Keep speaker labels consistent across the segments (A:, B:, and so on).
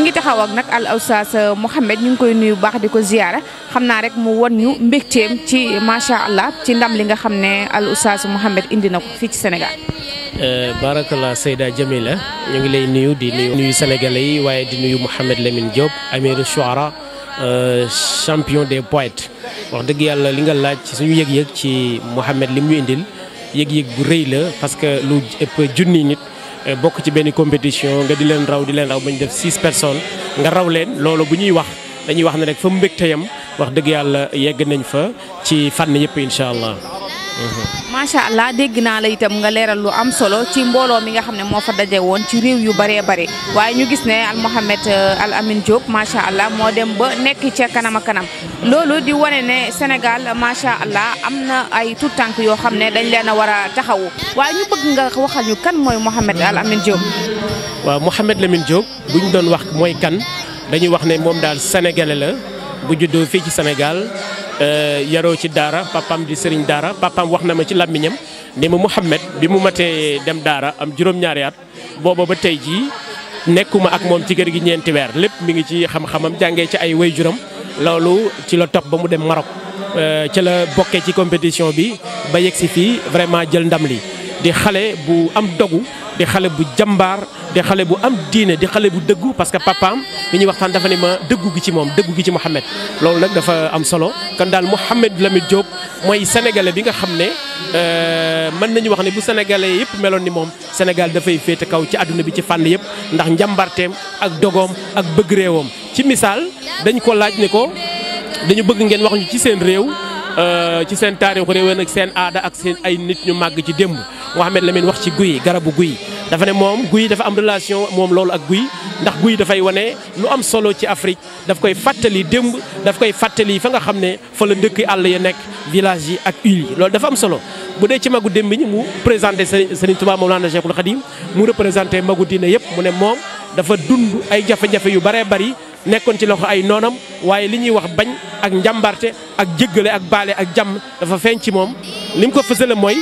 A: ñu ngi taxaw ak nag al oustaz euh, Mouhamed ñu ngi koy nuyu baax di ko ziyaara xam naa rek mu won ñu mbégteem ci macha allah ci ndam li nga xam ne al oustaz Mouhamed indi na ko fii ci Sénégal.
B: Euh, barakallah Seyda Jamila ñu ngi lay nuyu di nuyu nuyu sénégalais yi waaye di nuyu Mouhamed Lamine Diop amiru shuara euh, champion de poètes wax dëgg yàlla li nga laaj ci suñu yëg-yëg ci Mouhamed li mu indil yëg-yëg bu rëy la parce lu ëpp junni nit. Eh, bokk ci benn compétition nga di leen raw di leen raw ba ñu def six personnes nga raw leen loolu bu ñuy wax dañuy wax ne rek fa mbégte yam wax dëgg yàlla yegg nañ fa ci fànn yëpp incha allah. Mm-hmm.
A: macha allah dégg naa la itam nga leeral lu am solo ci mbooloo mi nga xam ne moo fa daje woon ci réew yu bëree bëri waaye ñu gis ne al Mohamed euh, al Amin Diop macha allah moo dem ba nekk ca kanam a kanam loolu di wane ne senegal macha allah am na ay tout tànk yoo xam ne dañ leen a war a taxawu waaye ñu bëgg nga waxal ñu kan mooy Mohamed al Amin Diop.
B: waaw Mohamed Lamine Diop buñ doon wax mooy kan dañuy wax ne moom daal sénégalais la bu juddoo fii ci senegal Eh, yaroo ci daara papam di sëriñ daara papam wax na ma ci làmmiñam ni ma Mouhamed bi mu matee dem daara am juróom-ñaari at booba ba tey jii nekkuma ak moom ci kër gi ñeenti weer lépp mu ngi ci xam-xamam jàngee ci ay way juram loolu ci la topp ba mu dem Maroc eh, ci la bokkee ci compétition bi ba yegg si fii vraiment jël ndam li di xale bu am dogu di xale bu jàmbaar di xale bu am diine di xale bu dëggu parce que papaam bi ñuy waxtaan dafa ne ma dëggu gi ci moom dëggu gi ci Mouhamed loolu nag dafa am solo kon daal Mouhamed Lamine Diop mooy sénégalais bi nga xam ne euh, mën nañu wax ne bu sénégalais yëpp meloon ni moom Sénégal dafay féete kaw ci àdduna bi ci fànn yëpp ndax njàmbarteem ak dogoom ak bëgg réewam ci misaal dañ ko laaj ne ko dañu bëgg ngeen wax ci seen réew. Euh, ci seen taarix réew nag seen aada ak seen ay nit ñu màgg ci démb Mouhamed Lamine wax ci guy garabu guy dafa ne moom guy dafa am relation moom loolu ak guy ndax guy dafay wane lu am solo ci Afrique daf koy fàttali démb daf koy fàttali fa nga xam ne fa la ndëkk àll ya nekk village yi ak huile loolu dafa am solo bu dee ci magu démb ñi mu sa sa présenté Serigne Touba Mawlana Cheikhoul Khadim mu représenté magu diine yëpp mu ne moom dafa dund ay jafe yu bare bari nekkoon ci loxo ay noonam waaye li ñuy wax bañ ak njàmbarte ak jéggale ak baale ak jàmm dafa feeñ ci moom li mu ko fësale mooy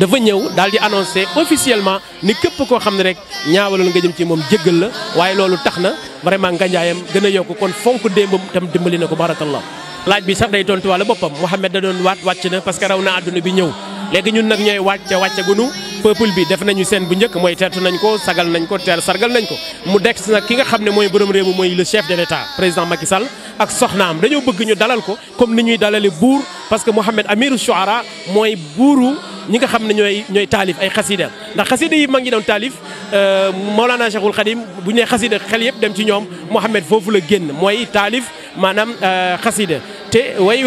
B: dafa ñëw daal di annoncé officiellement ni képp koo xam ne rek ñaawaloon nga jëm ci moom jéggal la waaye loolu tax na vraiment nganjaayam gën a yokk kon fonk démbam tam dimbali na ko barakallah laaj bi sax day tontuwaale boppam Mouhamed da doon waat wàcc na parce que raw na àdduna bi ñëw léegi ñun nag ñooy wàcce wàcce gunu peuple bi def nañu seen bu njëkk mooy tertu nañ ko sagal nañ ko ter sargal nañ ko mu dekk nag ki nga xam ne mooy borom réew mi mooy le chef de l'état président Macky Sall ak soxnaam dañoo bëgg ñu dalal ko comme ni ñuy dalale buur parce que Mouhamed Amirou Chouara mooy buuru ñi nga xam ne ñooy ñooy taalif ay xasida ndax xasida yi mag ñi doon taalif euh, Mawlana Cheikhul Khadim bu ñu nee xasida xel yëpp dem ci ñoom Mouhamed foofu la génn mooy taalif maanaam euh, xasida te way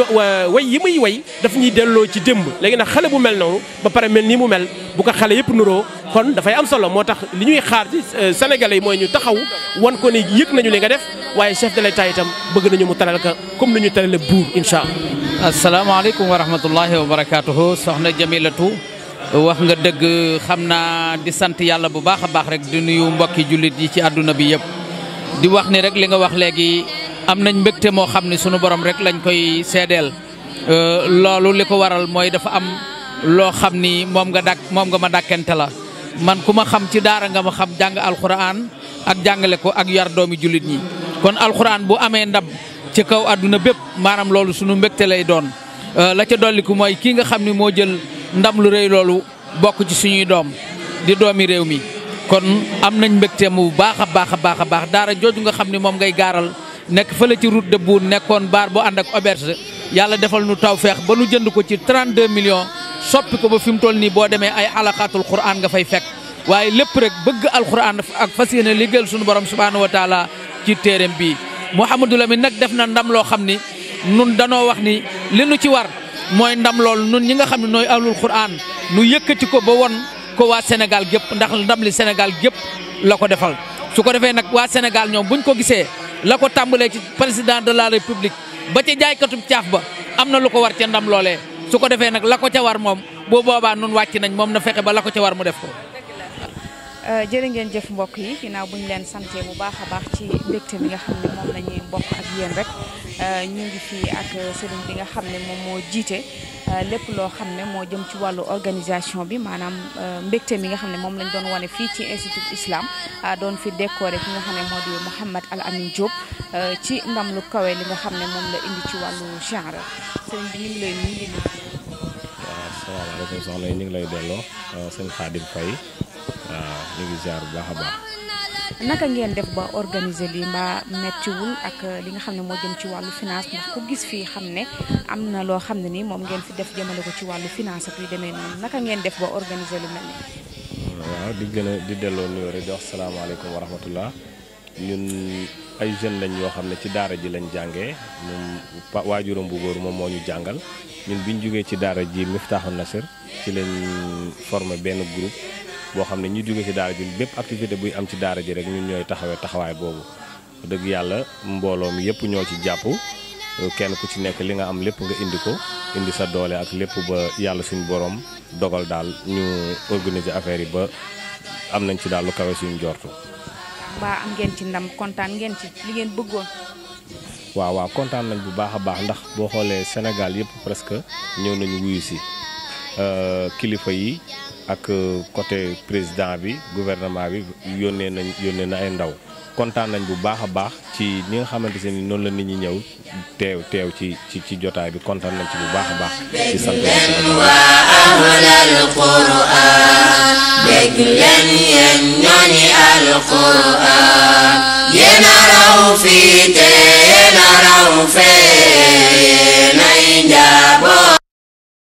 B: way yi muy way daf ñuy delloo ci démb léegi nag xale bu mel noonu ba pare mel nii mu mel bu ko xale yëpp nuroo kon dafay am solo moo tax li ñuy xaar ci euh, mooy ñu taxaw
C: wan ko ni yëg nañu li nga def waaye chef de itam bëgg nañu mu taral ka comme lu ñu tarale buur incha allah. asalaamaaleykum wa rahmatullahi wa barakaatuhu soxna Jamilatu wax nga dëgg xam naa di sant yàlla bu baax a baax rek di nuyu mbokki jullit yi ci àdduna bi yëpp li nga wax léegi. am nañ mbégte moo xam ne suñu borom rek lañ koy seedeel euh, loolu li ko waral mooy dafa am loo xam ni moom nga dàkk moom nga ma dàkkante la man ku ma xam ci daara nga ma xam jàng alxuraan ak jàngale ko ak yar doomi jullit ñi kon alxuraan bu amee ndam ci kaw adduna bépp maanaam loolu suñu mbégte lay doon euh, la ca dolliku mooy kii nga xam ni moo jël ndam lu rëy loolu bokk ci suñuy doom di doomi réew mi kon am nañ mbégte mu baax a baax a baax a baax daara jooju nga xam ni moom ngay gaaral nekk fële ci route de Bour nekkoon baar bu ànd ak auberge yàlla defal nu taw feex ba nu jënd ko ci 32 millions soppi ko ba fi mu toll nii boo demee ay alaxaatul quran nga fay fekk waaye lépp rek bëgg alquran ak fas yéene liggéeyal sunu borom subhaanahu wa taala ci téereem bii Mouhamadou mi nag def na ndam loo xam ni nun danoo wax ni li nu ci war mooy ndam lool nun ñi nga xam ne nooy ahlul quran nu yëkkati ko ba won ko waa Sénégal gépp ndax ndam li Sénégal gépp la ko defal su ko gisee la ko tàmbalee ci président de la république ba ca jaaykatu caaf ba am na lu ko war ca ndam loole su ko defee nag la ko ca war moom bu boobaa nun wàcc nañ moom na fexe ba la ko ca war mu def ko.
A: Euh, jërë ngeen jëf mbokk yi ginnaaw buñ leen sante bu baax a baax ci mbégte mi nga xam ne moom la mbokk ak yéen rek euh, ñu ngi fii ak euh, sëriñ bi nga xam ne moom moo jiite. lépp loo xam ne moo jëm ci wàllu organisation bi maanaam euh, mbégte mi nga xam ne moom lañ doon wone fii ci institut islam doon fi décoré ki nga xam ne moo di Mouhamed Al Amin Diop euh, ci ndam lu kawe li nga xam ne moom la indi ci wàllu genre sëriñ bi ñu ngi lay
D: waaw salaamaaleykum soxna ñu ngi lay delloo euh, sëñ Khadim Faye waaw ñu ngi ziar baax a baax.
A: naka ngeen def ba organiser li mbaa mettiwul ak li nga xam ne moo jëm ci wàllu finance ndax ku gis fii xam ne am na loo xam ne nii moom ngeen fi def jëmale ko ci wàllu finance ak yu demee noonu naka ngeen def ba organiser lu
D: di gën di delloo nuyoo rek salaamaaleykum wa rahmatullah ñun ay jeunes lañ yoo xam ne ci daara ji lañ jàngee ñun waajuram bu góor moom moo ñu jàngal ñun ñu jógee ci daara ji Miftaaxu Nasir ci lañ formé benn groupe boo xam ne ñu jóge ci daara ji bépp activité buy am ci daara ji rek ñu ñooy taxawee taxawaay boobu dëgg yàlla mbooloo mi yëpp ñoo ci jàpp kenn ku ci nekk li nga am lépp nga indi ko indi sa doole ak lépp ba yàlla suñu borom dogal daal ñu organiser affaire yi ba am nañ ci daal lu kawe suñu jortu
A: mbaa am ngeen ci ndam kontaan ngeen ci li ngeen bëggoon.
D: waaw waaw kontaan nañ bu baax a baax ndax boo xoolee Sénégal yëpp presque ñëw nañu wuyu si euh, kilifa yi ak euh, côté président bi gouvernement bi yónnee nañ yónnee na ay ndaw kontaan nañ bu baax a baax ci ni nga xamante ni noonu la nit ñi ñëw teew teew ci ci ci jotaay bi kontaan nañ ci bu baax a baax ci sant dégg leen yéen ñooni alquran
C: yéen a raw fii